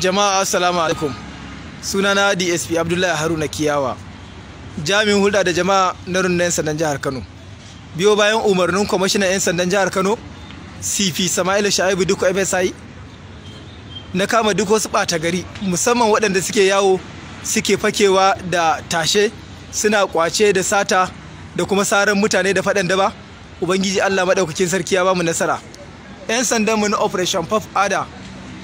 jama'a assalamu alaikum sunana dsp abdullahi haruna kiyawa jami'in hulɗa da jama'a na rundunar 'yan sandan jihar kano biyo bayan umarnin kwamishinan 'yan sandan jihar kano cp sama'ila sha'ibu duk fsi na kama duk wasu ɓata gari musamman waɗanda suke yawo suke fakewa da tashe suna kwace da sata da kuma saran mutane da faɗan daba ubangiji allah maɗaukakin sarki ya bamu nasara 'yan sandanmu na operation puff ada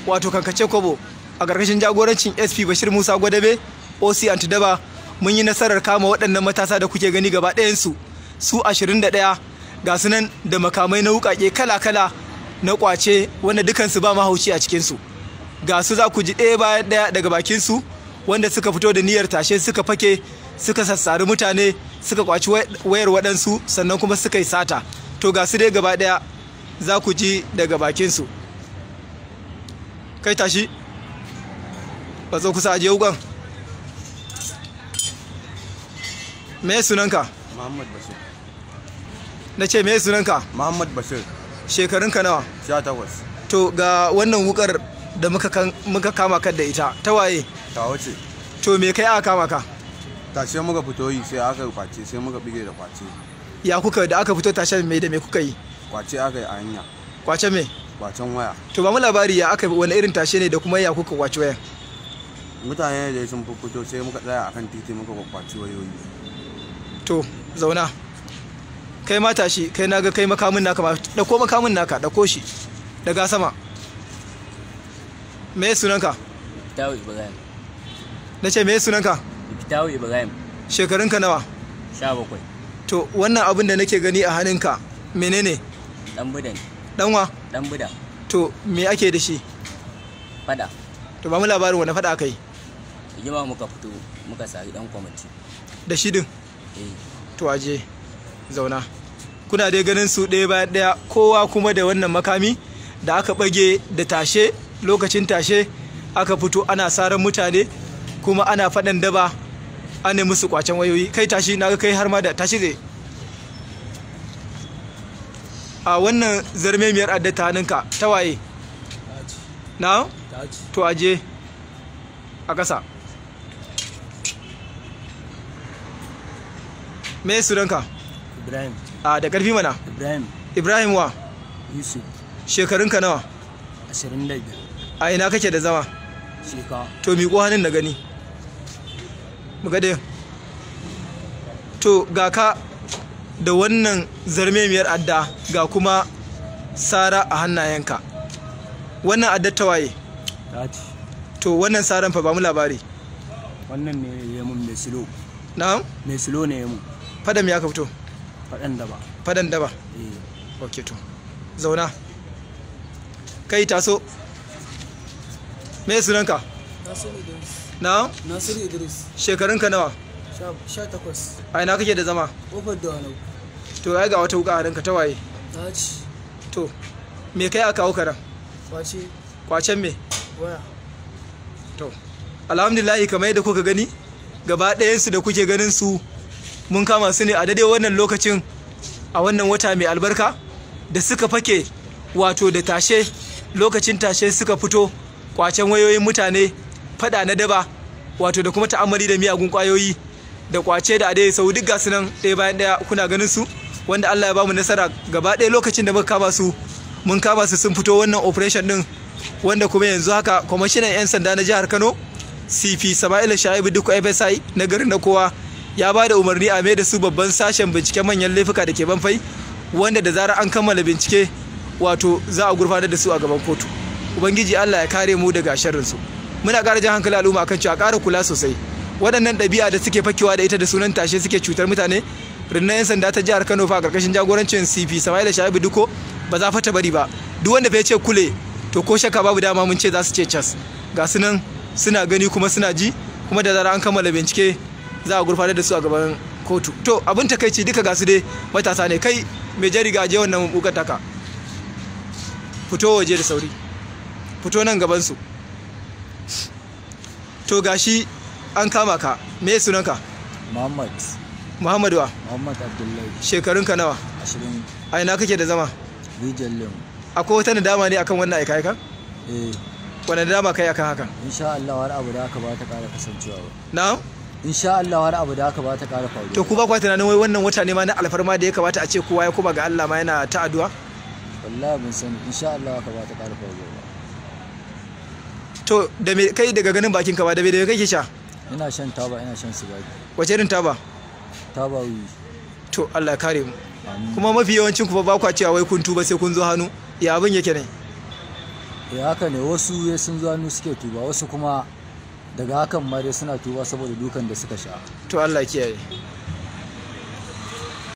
wato kankace kobo a ƙarƙashin jagorancin sp bashir musa gwadabe oc antidaba mun yi nasarar kama waɗannan matasa da kuke gani gaba ɗayansu su 21 ga su nan da makamai na wuƙaƙe kala-kala na kwace wanda dukansu ba mahauci a cikinsu ga su za ku ji ɗaya bayan ɗaya daga bakinsu wanda suka fito da niyyar tashe suka fake suka sassari mutane suka kwaci wayar waɗansu sannan kuma suka yi sata to ga su dai gaba ɗaya za ku ji daga bakinsu kai tashi zo kusa aje wukan. Me sunanka? Muhammad Bashir. Na ce me sunanka? Muhammad Bashir. Shekarunka nawa? 18. To ga wannan wukar da muka kama kan da ita ta waye? Ta wace. To me kai aka kama ka? Tashe muka fito yi sai aka kwace sai muka bige da kwace. Ya kuka da aka fito tashe me da me kuka yi? Kwace aka yi a hanya. Kwace me? Kwacen waya. To ba mu labari ya aka wani irin tashe ne da kuma ya kuka kwace waya. mutane da sun fito sai muka tsaya akan titi muka kwakwaci wayoyi to zauna kai ma tashi kai na ga kai makamin naka ba dako makamin naka dako shi daga sama me sunanka Iftawu Ibrahim na ce me sunanka Iftawu Ibrahim shekarunka nawa Sha bakwai. to wannan abin da nake gani a hannunka menene dan buda ne danwa dan buda to me ake da shi fada to ba mu labarin wani fada kai yi rigima muka fito muka sari dan kwamiti da shidin eh. to aje zauna kuna dai ganin su ɗaya bayan ɗaya kowa kuma da wannan makami da aka bage da tashe lokacin tashe aka fito ana saran mutane kuma ana faɗan daba ana musu kwacen wayoyi kai tashi na kai har ma da tashi zai a wannan zarmemiyar adda ta ta waye na to aje a ƙasa me suranka. ibrahim a ah, da karfi mana ibrahim ibrahim wa yusuf shekarunka nawa 25 a ina kake da zama shekawa to miƙo hannun na gani mugadin to ga ka da wannan zarmemiyar adda ga kuma sara a hannayenka wannan adda ta waye to wannan saran fa ba mu labari wannan ne ya mai silo na'am mai silo ne mun fadan ya ka fito fadan daba fadan daba eh okay to zauna kai taso me sunanka nasiru idris na nasiru idris shekarunka nawa 18 a ina kake da zama kofar da wani to ai ga wata wuka a ranka ta waye ta ci to me kai aka kawo karan kwace kwacen me waya to alhamdulillah kamar yadda kuka gani gaba su da kuke ganin su mun kama su ne a daidai wannan lokacin a wannan wata mai albarka da suka fake wato da tashe lokacin tashe suka fito kwacen wayoyin mutane fada na daba wato da kuma ta'ammali da miyagun kwayoyi da kwace da adai sau duk gasu nan ɗaya bayan ɗaya kuna ganin su wanda Allah ya bamu nasara gaba ɗaya lokacin da muka kama su mun kama su sun fito wannan operation din wanda kuma yanzu haka kwamishinan 'yan sanda na jihar Kano CP Sama'ila Shaibu duk FSI na garin na kowa ya ba da umarni a mai da su babban sashen bincike manyan laifuka da ke banfai wanda da zarar an kammala bincike wato za a gurfanar da su a gaban kotu ubangiji allah ya kare mu daga sharrinsu muna kara jan hankali al'umma kan cewa ƙara kula sosai waɗannan ɗabi'a da suke fakewa da ita da sunan tashe suke cutar mutane rinnan 'yan sanda ta jihar kano fa a ƙarƙashin jagorancin cp da sha'ibu duko ba za fata bari ba duk wanda bai ce kule to ko shaka babu dama mun ce za su ce cas ga su nan suna gani kuma suna ji kuma da zarar an kammala bincike za a gurfanar da su a gaban kotu to abin takaici duka gasu dai matasa ne kai mai jan riga je wannan bukar taka fito waje da sauri fito nan gaban su to gashi an kama ka me sunanka muhammad muhammad wa muhammad abdullahi shekarun ka nawa 20 a ina kake da zama rijal lemu akwai wata nadama ne akan wannan aika aika eh wani nadama kai akan haka insha Allah wani abu da aka ba ta kara kasancewa na. na'am insha Allah wani abu da aka ba ta ƙara faruwa to ku ba ku tunanin wai wannan wata ne ma na alfarma da ya kamata a ce kowa ya kuma ga Allah ma yana ta addu'a wallahi mun sani insha Allah aka ba ta ƙara faruwa to da me kai daga ganin bakin ka ba da me da kake sha ina shan taba ina shan sigari wace irin taba taba wi to Allah kare mu kuma mafi yawancin ku ba ku cewa wai kun tuba sai kun zo hannu ya abin yake ne ya eh, haka ne wasu sun zo hannu suke tuba wasu kuma daga hakan ma dai suna tuba saboda dukan da suka sha to Allah kiyaye